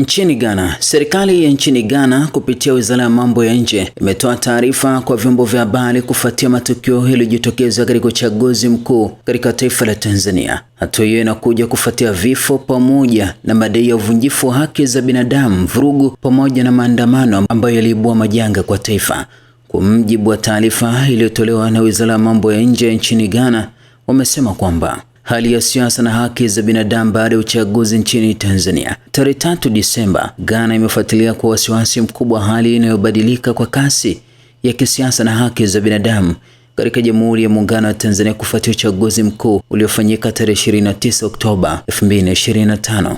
Nchini Ghana, serikali ya nchini Ghana kupitia wizara ya mambo ya nje imetoa taarifa kwa vyombo vya habari kufuatia matukio yaliyojitokeza katika uchaguzi mkuu katika taifa la Tanzania. Hatua hiyo inakuja kufuatia vifo pamoja na madai ya uvunjifu wa haki za binadamu, vurugu pamoja na maandamano ambayo yaliibua majanga kwa taifa. Kwa mjibu wa taarifa iliyotolewa na wizara ya mambo ya nje nchini Ghana, wamesema kwamba Hali ya siasa na haki za binadamu baada ya uchaguzi nchini Tanzania. Tarehe tatu Disemba, Ghana imefuatilia kwa wasiwasi mkubwa hali inayobadilika kwa kasi ya kisiasa na haki za binadamu katika Jamhuri ya Muungano wa Tanzania kufuatia uchaguzi mkuu uliofanyika tarehe 29 Oktoba 2025.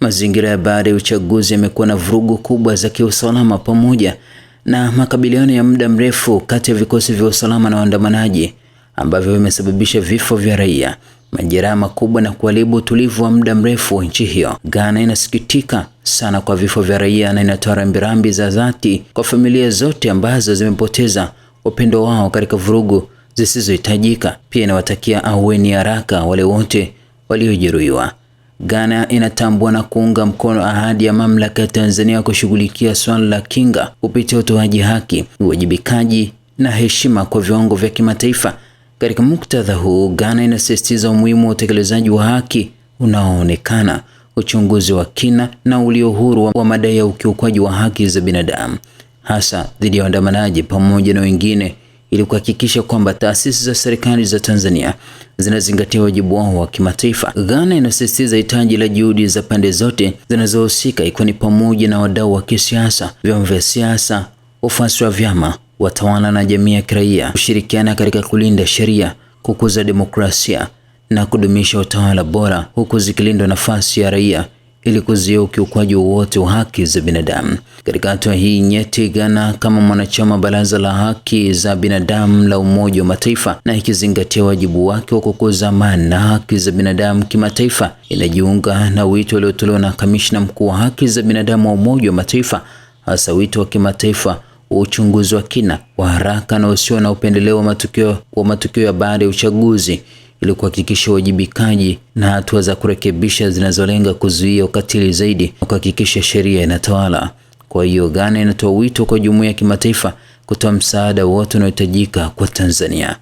Mazingira ya baada ya uchaguzi yamekuwa na vurugu kubwa za kiusalama pamoja na makabiliano ya muda mrefu kati ya vikosi vya usalama na waandamanaji ambavyo vimesababisha vifo vya raia majeraha makubwa na kuharibu utulivu wa muda mrefu wa nchi hiyo. Ghana inasikitika sana kwa vifo vya raia na inatoa rambirambi za dhati kwa familia zote ambazo zimepoteza upendo wao katika vurugu zisizohitajika. Pia inawatakia ahueni haraka wale wote waliojeruhiwa. Ghana inatambua na kuunga mkono ahadi ya mamlaka ya Tanzania kushughulikia swala la kinga kupitia utoaji haki, uwajibikaji na heshima kwa viwango vya kimataifa katika muktadha huu, Ghana inasisitiza umuhimu wa utekelezaji wa haki unaoonekana, uchunguzi wa kina na ulio huru wa madai ya ukiukwaji wa haki za binadamu, hasa dhidi ya waandamanaji pamoja na wengine, ili kuhakikisha kwamba taasisi za serikali za Tanzania zinazingatia wajibu wao wa kimataifa. Ghana inasisitiza hitaji la juhudi za pande zote zinazohusika, ikiwa ni pamoja na wadau wa kisiasa, vyama vya siasa, wafuasi wa vyama watawala na jamii ya kiraia kushirikiana katika kulinda sheria, kukuza demokrasia na kudumisha utawala bora, huku zikilindwa nafasi ya raia ili kuzuia ukiukwaji wowote wa haki za binadamu. Katika hatua hii nyeti, Ghana kama mwanachama Baraza la Haki za Binadamu la Umoja wa Mataifa na ikizingatia wajibu wake wa kukuza amani na haki za binadamu kimataifa, inajiunga na wito uliotolewa na kamishna mkuu wa haki za binadamu wa Umoja wa Mataifa, hasa wito wa kimataifa uchunguzi wa kina wa haraka na usio na upendeleo wa matukio wa matukio ya baada ya uchaguzi ili kuhakikisha uwajibikaji na hatua za kurekebisha zinazolenga kuzuia ukatili zaidi na kuhakikisha sheria inatawala. Kwa hiyo, Ghana inatoa wito kwa jumuiya ya kimataifa kutoa msaada wote unaohitajika kwa Tanzania.